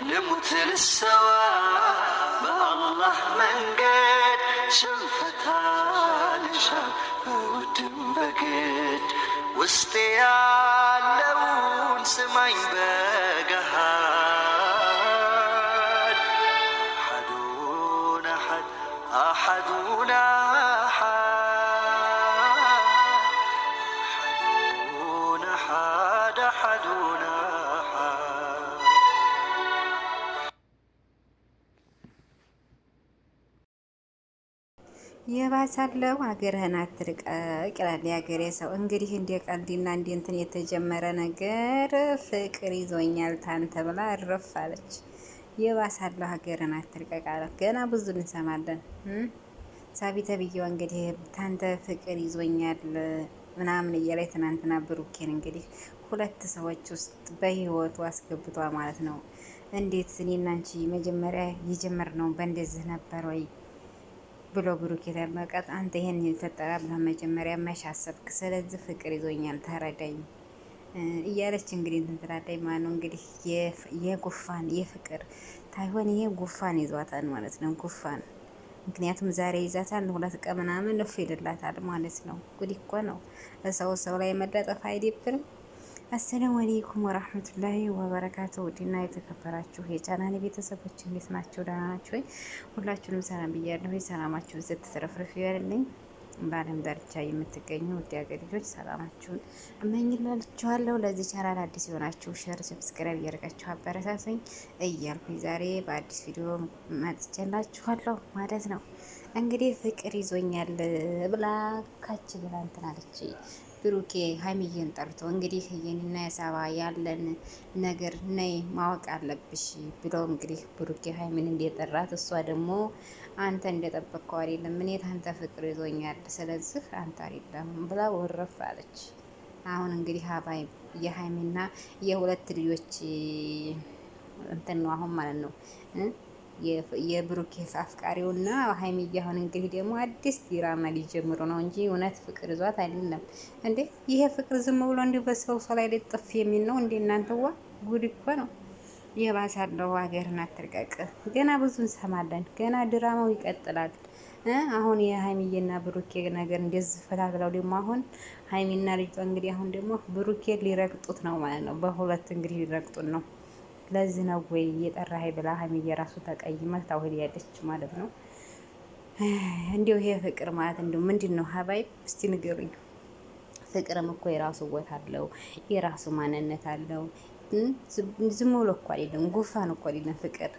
لمت للسواب الله من قد شفتها لشاف ودم بقيت وسطي يعلون سمعي بقهاد أحدون أحد أحدون أحد እመለሳለሁ፣ ሀገርህን አትልቀቅ ይላል የሀገሬ ሰው። እንግዲህ እንደ ቀልድና እንደ እንትን የተጀመረ ነገር ፍቅር ይዞኛል ታንተ ብላ እረፍ አለች። የባሳለሁ ሀገርን አትልቀቅ አላት። ገና ብዙ እንሰማለን። ሳቢ ተብዬዋ እንግዲህ ታንተ ፍቅር ይዞኛል ምናምን እያላይ ትናንትና ብሩኬን እንግዲህ ሁለት ሰዎች ውስጥ በህይወቱ አስገብቷ ማለት ነው። እንዴት እኔና አንቺ መጀመሪያ የጀመርነው በእንደዚህ ነበር ወይ ብሎ ብሩክ የጠበቃት አንተ ይህን የተፈጠረ ብለህ መጀመሪያ መቼ አሰብክ? ስለዚህ ፍቅር ይዞኛል ተረዳኝ እያለች እንግዲህ እንትን ትላለች። ማነው እንግዲህ የጉፋን የፍቅር ታይሆን ይሄ ጉፋን ይዟታል ማለት ነው። ጉፋን ምክንያቱም ዛሬ ይዛታል ሁለት ቀን ምናምን እፍ ይልላታል ማለት ነው። ጉድ እኮ ነው። ሰው ሰው ላይ መለጠፍ አይደብርም። አሰላሙ አለይኩም ወራህመቱላሂ ወበረካቱ። ውድና የተከበራችሁ የቻናሌ ቤተሰቦች እንዴት ናቸው? ደህና ናችሁ ወይ? ሁላችሁንም ሰላም ብያለሁ። ሰላማችሁ ዝት ትረፍርፍ ይበልልኝ። በዓለም ዳርቻ የምትገኙ ውድ ሀገር ልጆች ሰላማችሁን እመኝላችኋለሁ። ለዚህ ቻናል አዲስ የሆናችሁ ሸር፣ ሰብስክራይብ እያደረጋችሁ አበረታተኝ እያልኩኝ ዛሬ በአዲስ ቪዲዮ መጥቼላችኋለሁ ማለት ነው። እንግዲህ ፍቅር ይዞኛል ብላ ካች ብላ እንትን አለች። ብሩኬ ሀይሚዬን ጠርቶ እንግዲህ የኔና የሰባ ያለን ነገር ነይ ማወቅ አለብሽ ብሎ እንግዲህ ብሩኬ ሀይሚን እንደጠራት እሷ ደግሞ አንተ እንደጠበቅከው አይደለም፣ እኔ አንተ ፍቅር ይዞኛል፣ ስለዚህ አንተ አይደለም ብላ ወረፍ አለች። አሁን እንግዲህ ሀባይ የሀይሚና የሁለት ልጆች እንትን ነው አሁን ማለት ነው። አፍቃሪው እና ሀይሚዬ አሁን እንግዲህ ደግሞ አዲስ ዲራማ ሊጀምሩ ነው እንጂ እውነት ፍቅር ይዟት አይደለም እንዴ? ይሄ ፍቅር ዝም ብሎ እንዲሁ በሰው ሰው ላይ ልጥፍ የሚል ነው እንዴ? እናንተዋ ጉድ እኮ ነው። የባሰ ያለው ሀገርን አትርቀቅ። ገና ብዙ እንሰማለን። ገና ድራማው ይቀጥላል። አሁን የሀይሚዬና ብሩኬ ነገር እንደዚህ ፈታ ብለው ደግሞ አሁን ሀይሚና ልጇ እንግዲህ አሁን ደግሞ ብሩኬ ሊረግጡት ነው ማለት ነው። በሁለት እንግዲህ ሊረግጡት ነው። ለዚህ ነው ወይ እየጠራኸኝ ብላ ሀይሚዬ ራሱ ተቀይመህ ታውሄዳለች ማለት ነው። እንዲሁ ይሄ ፍቅር ማለት እንዲሁ ምንድን ነው ሀባይ እስቲ ንገሩኝ። ፍቅርም እኮ የራሱ ቦታ አለው፣ የራሱ ማንነት አለው። ዝም ብሎ እኮ አይደለም፣ ጉፋን እኮ አይደለም ፍቅር።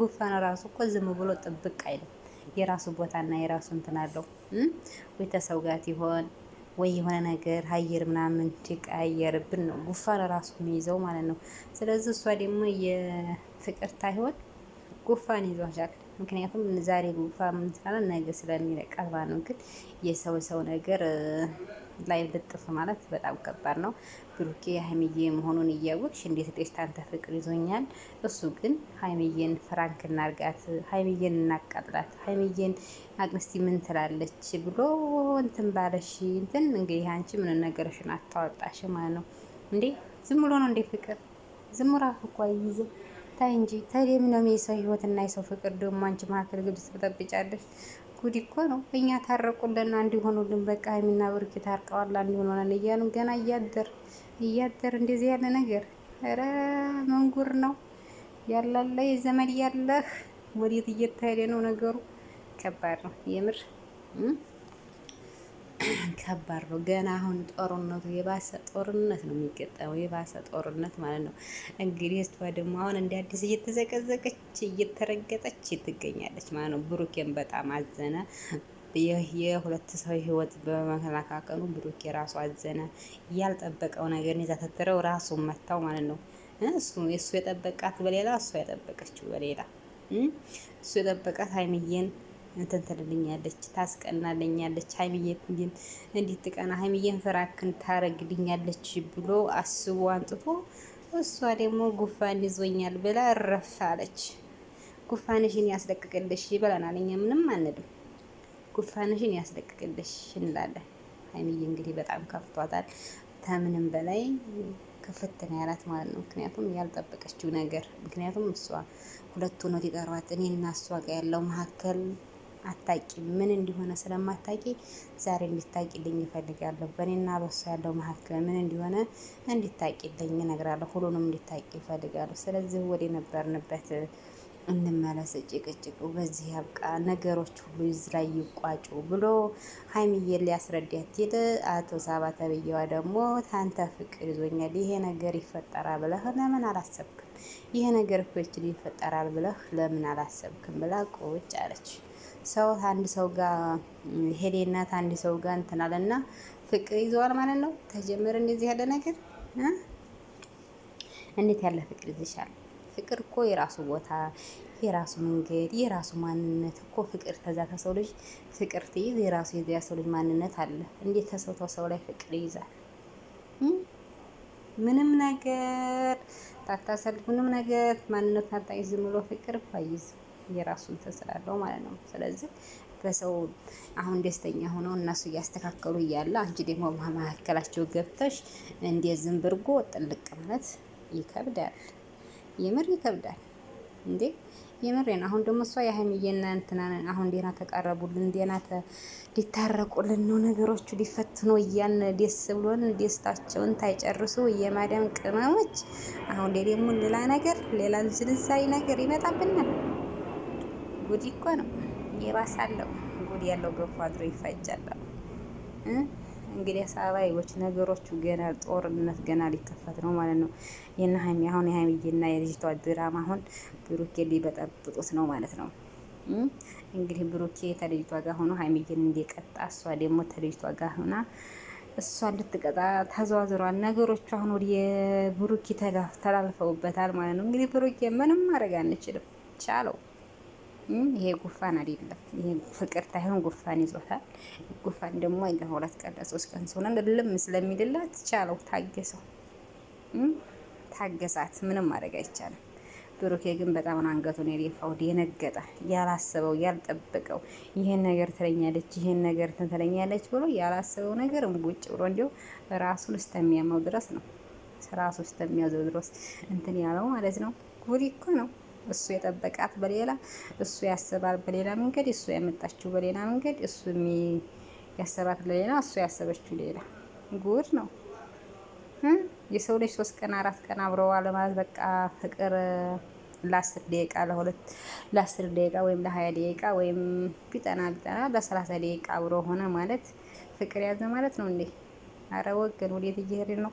ጉፋን ራሱ እኮ ዝም ብሎ ጥብቅ አይደለም። የራሱ ቦታና የራሱ እንትን አለው። ቤተሰብ ጋት ይሆን ወይ የሆነ ነገር አየር ምናምን ትቀያየርብን ነው ጉንፋን ራሱ የሚይዘው ማለት ነው። ስለዚህ እሷ ደግሞ የፍቅር ታይሆን ጉንፋን ይዟታል። ምክንያቱም ዛሬ ጉንፋን ምንትላለ ነገ ስለሚለቃት ማለት ነው። ግን የሰው ሰው ነገር ላይ ልጥፍ ማለት በጣም ከባድ ነው። ብሩኬ ሀይሚዬ መሆኑን እያወቅሽ እንዴት ደስታንተ ፍቅር ይዞኛል። እሱ ግን ሀይሚዬን ፍራንክ እናርጋት፣ ሀይሚዬን እናቃጥላት፣ ሀይሚዬን አቅንስቲ ምን ትላለች ብሎ እንትን ባለሽ እንትን እንግዲህ አንቺ ምን ነገርሽን አታወጣሽ ማለት ነው እንዴ? ዝም ብሎ ነው እንዴ ፍቅር? ዝም ራፍ እኮ አይይዝም። ታይ እንጂ ታይ ለምን ነው የሰው ህይወት እና የሰው ፍቅር ደግሞ አንቺ መካከል ግብ ትበጠብጫለሽ? ጉድ እኮ ነው። እኛ ታረቁልና እንዲሆኑልን በቃ ሀይሚና ብሩኬ ታርቀዋል እንዲሆኑልን እያሉ ገና እያደር እያደር እንደዚህ ያለ ነገር ኧረ መንጉር ነው ያላለ የዘመድ ያለህ ወዴት እየተሄደ ነው ነገሩ? ከባድ ነው የምር ከባድ ነው። ገና አሁን ጦርነቱ የባሰ ጦርነት ነው የሚገጠመው፣ የባሰ ጦርነት ማለት ነው። እንግዲህ እሷ ደግሞ አሁን እንደ አዲስ እየተዘቀዘቀች እየተረገጠች ትገኛለች ማለት ነው። ብሩኬን በጣም አዘነ። የሁለት ሰው ህይወት በመከላከሉ ብሩኬ ራሱ አዘነ። ያልጠበቀው ነገር ይዛ ተትረው ራሱን መታው ማለት ነው። እሱ የሱ የጠበቃት በሌላ እሷ የጠበቀችው በሌላ እሱ የጠበቃት ሀይሚዬን እንትን ትልልኛለች፣ ታስቀናልኛለች። ሀይሚዬ እንዲን እንዲትቀና ሀይሚዬን ፍራክን ታረግልኛለች ብሎ አስቦ አንጥፎ እሷ ደግሞ ጉፋን ይዞኛል ብላ እረፍ አለች። ጉፋንሽን ያስለቅቅልሽ ይበላናል። እኛ ምንም አንልም። ጉፋንሽን ያስለቅቅልሽ እንላለን። ሀይሚዬ እንግዲህ በጣም ከፍቷታል። ከምንም በላይ ክፍትን ያላት ማለት ነው። ምክንያቱም ያልጠበቀችው ነገር ምክንያቱም እሷ ሁለቱ ነው ሊጠሯት እኔ እና እሷ ጋር ያለው መካከል አታቂ ምን እንዲሆነ ስለማታቂ ዛሬ እንዲታቂልኝ ይፈልጋለሁ። በእኔና በሷ ያለው መካከል ምን እንዲሆነ እንዲታቂልኝ እነግራለሁ። ሁሉንም እንዲታቂ ይፈልጋለሁ። ስለዚህ ወደ ነበርንበት እንመለስ፣ ጭቅጭቁ በዚህ ያብቃ፣ ነገሮች ሁሉ እዚህ ላይ ይቋጩ ብሎ ሀይሚዬ ሊያስረዳት ይል አቶ ሳባ ተብዬዋ ደግሞ ታንተ ፍቅር ይዞኛል፣ ይሄ ነገር ይፈጠራል ብለህ ለምን አላሰብክም? ይሄ ነገር እኮ ይችል ይፈጠራል ብለህ ለምን አላሰብክም? ብላ ቁጭ አለች። ሰው አንድ ሰው ጋር ሄዴናት አንድ ሰው ጋር እንትን ፍቅር ይዘዋል ማለት ነው። ተጀመረ እንደዚህ ያለ ነገር እንዴት ያለ ፍቅር ይዘሻል? ፍቅር እኮ የራሱ ቦታ፣ የራሱ መንገድ፣ የራሱ ማንነት እኮ ፍቅር ከዛ ከሰው ልጅ ፍቅር ትይዝ የራሱ የዚያ ሰው ልጅ ማንነት አለ። እንዴት ከሰው ተሰው ላይ ፍቅር ይይዛል? ምንም ነገር ታታሰል ምንም ነገር ማንነት ታጣይ ዝም ብሎ ፍቅር እኮ አይይዝም። የራሱ እንትን ስላለው ማለት ነው። ስለዚህ በሰው አሁን ደስተኛ ሆኖ እነሱ እያስተካከሉ እያለ አንቺ ደግሞ መካከላቸው ገብተሽ እንዴ ዝም ብርጎ ጥልቅ ማለት ይከብዳል። የምር ይከብዳል እንዴ! የምሬን አሁን ደግሞ እሷ የሀይሚዬና እንትና አሁን ደህና ተቃረቡልን፣ ደህና ሊታረቁልን ነው ነገሮቹ ነው እያን ደስ ብሎን ደስታቸውን ታይጨርሱ የማዳም ቅመሞች። አሁን ላይ ደግሞ ሌላ ነገር ሌላ ዝንዛሪ ነገር ይመጣብናል። ጉድ እኮ ነው የባሰ አለው። ጉድ ያለው ገፉ አድሮ ይፋጃል። እንግዲህ አበባዬዎች ነገሮቹ ገና ጦርነት ገና ሊከፈት ነው ማለት ነው። የእነ ሀይሚ አሁን የሀይሚዬና የልጅቷ ድራማ አሁን ብሩኬ ሊበጠብጡት ነው ማለት ነው። እንግዲህ ብሩኬ ተልጅቷ ጋር ሆኖ ሀይሚዬን እንዲቀጣ እሷ ደግሞ ተልጅቷ ጋር ሆና እሷ ልትቀጣ ተዘዋዝሯል። ነገሮቹ አሁን ወደ ብሩኬ ተላልፈውበታል ማለት ነው። እንግዲህ ብሩኬ ምንም ማድረግ አንችልም ቻለው። ይሄ ጉፋን አይደለም። ይሄ ፍቅር ታይሆን ጉፋን ይዞታል። ጉፋን ደግሞ ይገ ሁለት ቀን ሶስት ቀን ሲሆን ልልም ስለሚልላት ቻለው፣ ታገሰው፣ ታገሳት። ምንም ማድረግ አይቻልም። ብሩኬ ግን በጣም አንገቱን የደፋው የነገጠ፣ ያላሰበው፣ ያልጠበቀው ይሄን ነገር ትለኛለች፣ ይሄን ነገር ትለኛለች ብሎ ያላሰበው ነገር እንቡጭ ብሎ እንዲሁ ራሱን እስከሚያመው ድረስ ነው ራሱ እስከሚያዘው ድረስ እንትን ያለው ማለት ነው። ጉድ እኮ ነው። እሱ የጠበቃት በሌላ እሱ ያሰባል በሌላ መንገድ እሱ ያመጣችው በሌላ መንገድ እሱ ያሰባት ለሌላ እሱ ያሰበችው ሌላ። ጉድ ነው። የሰው ልጅ ሶስት ቀን አራት ቀን አብረው አለማለት በቃ ፍቅር ለአስር ደቂቃ ለሁለት ለአስር ደቂቃ ወይም ለሀያ ደቂቃ ወይም ቢጠና ቢጠና ለሰላሳ ደቂቃ አብሮ ሆነ ማለት ፍቅር ያዘ ማለት ነው እንዴ? አረ ወገን ወዴት እየሄድን ነው?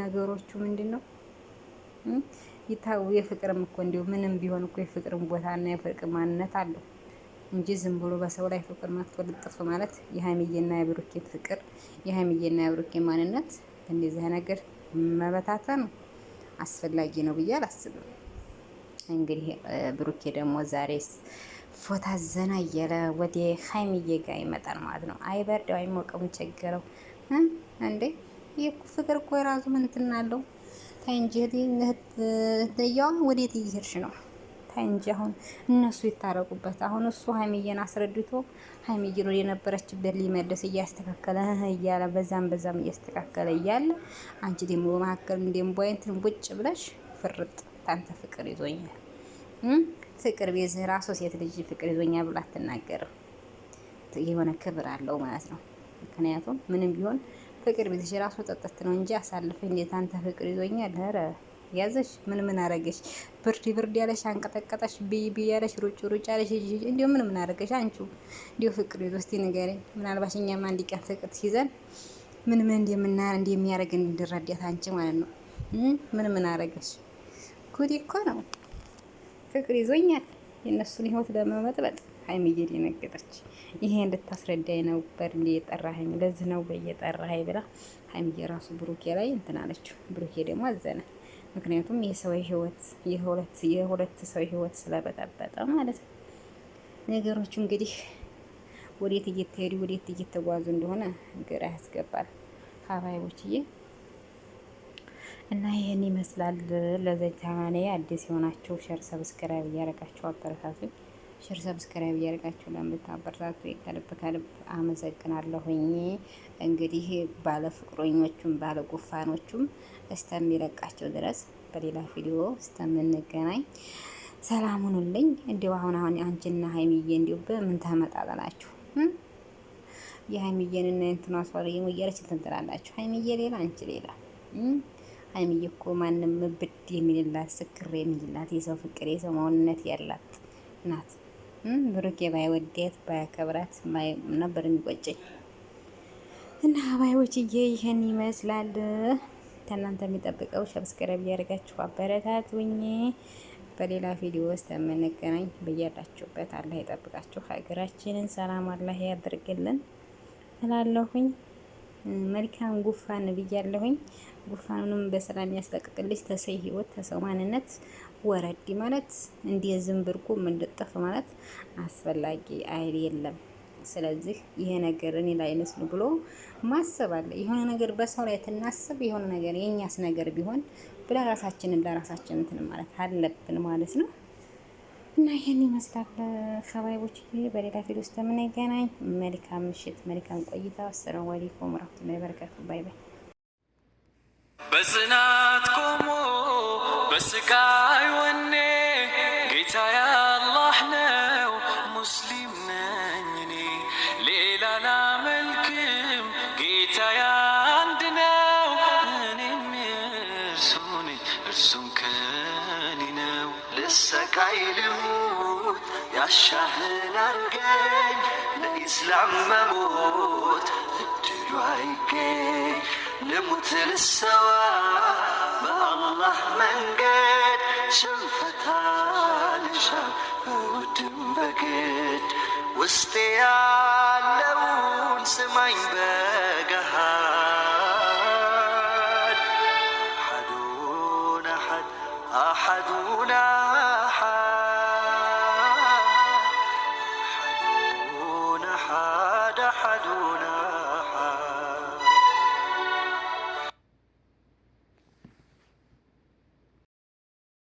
ነገሮቹ ምንድን ነው? ይታው የፍቅርም እኮ እንዲሁ ምንም ቢሆን እኮ የፍቅርም ቦታና የፍቅር ማንነት አለው እንጂ ዝም ብሎ በሰው ላይ ፍቅር መጥቶ ልጥፍ ማለት የሀይሚዬና የብሩኬ ፍቅር የሀይሚዬና የብሩኬ ማንነት እንደዚህ ነገር መበታተን አስፈላጊ ነው ብዬ አላስብም። እንግዲህ ብሩኬ ደግሞ ዛሬ ፎታ ዘና እያለ ወደ ሀይሚዬ ጋር ይመጣል ማለት ነው። አይበርደው አይሞቀውም ቸገረው እንዴ? ይህ ፍቅር እኮ የራሱ ምንትን ታይንጂ እህትየዋ ወዴት እየሄድሽ ነው? ታይንጂ አሁን እነሱ ይታረቁበት። አሁን እሱ ሀይሚዬን አስረድቶ ሀይሚዬን ወደ ነበረችበት ሊመለስ እያስተካከለ እያለ በዛም በዛም እያስተካከለ እያለ አንቺ ደግሞ በመካከል እንደም ቦይንትን ቡጭ ብለሽ ፍርጥ ታንተ ፍቅር ይዞኛል ፍቅር ቤዝ ራሱ ሴት ልጅ ፍቅር ይዞኛል ብሎ አትናገርም። የሆነ ክብር አለው ማለት ነው። ምክንያቱም ምንም ቢሆን ፍቅር ቤትሽ ራሱ ጠጠት ነው እንጂ አሳልፈ እንዴት አንተ ፍቅር ይዞኛል። ኧረ ያዘሽ ምን ምን አረገሽ? ብርድ ብርድ ያለሽ፣ አንቀጠቀጠሽ፣ ብይ ብይ ያለሽ፣ ሩጭ ሩጭ ያለሽ፣ እንዲሁ ምን ምን አረገሽ? አንቺ እንዲሁ ፍቅር ይዞ እስቲ ንገረኝ። ምናልባሽ እኛማ አንድ ቀን ፍቅር ሲዘን ምን ምን እንደምና እንደሚያረግ እንድረዳት አንቺ ማለት ነው። ምን ምን አረገሽ? ጉድ እኮ ነው ፍቅር ይዞኛል የእነሱን ህይወት ለመመጥበጥ ሀይሚዬ ደነገጠች። ይሄ እንድታስረዳኝ ነበር እንደ የጠራኸኝ ለዚህ ነው በየጠራኸኝ ብላ ሀይሚዬ ራሱ ብሩኬ ላይ እንትን አለችው። ብሩኬ ደግሞ አዘነ። ምክንያቱም የሰው ህይወት የሁለት የሁለት ሰው ህይወት ስለበጠበጠ ማለት ነው። ነገሮቹ እንግዲህ ወዴት እየተሄዱ ወዴት እየተጓዙ እንደሆነ ግራ ያስገባል። ሀባይቦችዬ እና ይህን ይመስላል። ለዚህ አዲስ የሆናችሁ ሸር፣ ሰብስክራይብ እያደረጋችሁ አበረታቱኝ። ሽር ሰብስክራይብ እያደርጋችሁ ለምታበረታቱ ከልብ ከልብ አመሰግናለሁኝ። እንግዲህ ባለ ፍቅረኞቹም ባለ ጉፋኖቹም እስከሚለቃቸው ድረስ በሌላ ቪዲዮ እስከምንገናኝ ሰላም ሁኑልኝ። እንዲሁ አሁን አሁን አንቺና ሀይሚዬ እንዲሁ በምን ተመጣጠናችሁ? የሀይሚዬን እና እንትና ሶሪ ሙየረች እንትን ትላላችሁ። ሀይሚዬ ሌላ፣ አንቺ ሌላ። ሀይሚዬ እኮ ማንም ብድ የሚልላት ስክር የሚልላት የሰው ፍቅር የሰው ማንነት ያላት ናት። ብሩኬ ባይወዳት ባያከብራት ነበር የሚቆጨኝ። እና ባዮችዬ ይህን ይመስላል። ከእናንተ የሚጠብቀው ሰብስክራይብ እያደረጋችሁ አበረታቱኝ። በሌላ ቪዲዮ ውስጥ የምንገናኝ በያላችሁበት አላህ ይጠብቃችሁ። ሀገራችንን ሰላም አላህ ያደርግልን እላለሁኝ። መልካም ጉፋን ብያለሁኝ። ጉፋኑንም በሰላም ያስለቅቅልሽ። ተሰይ ህይወት ተሰው ማንነት ወረድ ማለት እንዲህ ዝም ብርቁ ምንድጠፍ ማለት አስፈላጊ አይደለም። ስለዚህ ይሄ ነገር እኔ ላይ አይመስል ብሎ ማሰብ አለ። የሆነ ነገር በሰው ላይ ትናስብ የሆነ ነገር የኛስ ነገር ቢሆን ብላ ራሳችንን ለራሳችን እንትን ማለት አለብን ማለት ነው። እና ይህን ይመስላል ከባይቦች በሌላ ፊል ውስጥ የምንገናኝ። መልካም ምሽት፣ መልካም ቆይታ። አሰላሙ አለይኩም ወረህመቱላሂ ወበረካቱህ። ባይ ባይ። ስቃይ ወኔ ጌታዬ አላህ ነው ሙስሊም ነኝ እኔ ሌላ ላመልክም ጌታዬ አንድ ነው እኔም እርሱ ነኝ እርሱም ከኔ ነው ልሰቃይ ልሙት ያሻህን አርገኝ ለኢስላም መሞት እድሉ አይገኝ نموت للسوا للسواب الله من قد شفتها لشاف ودم بقيت وسطي على ونسمع يبات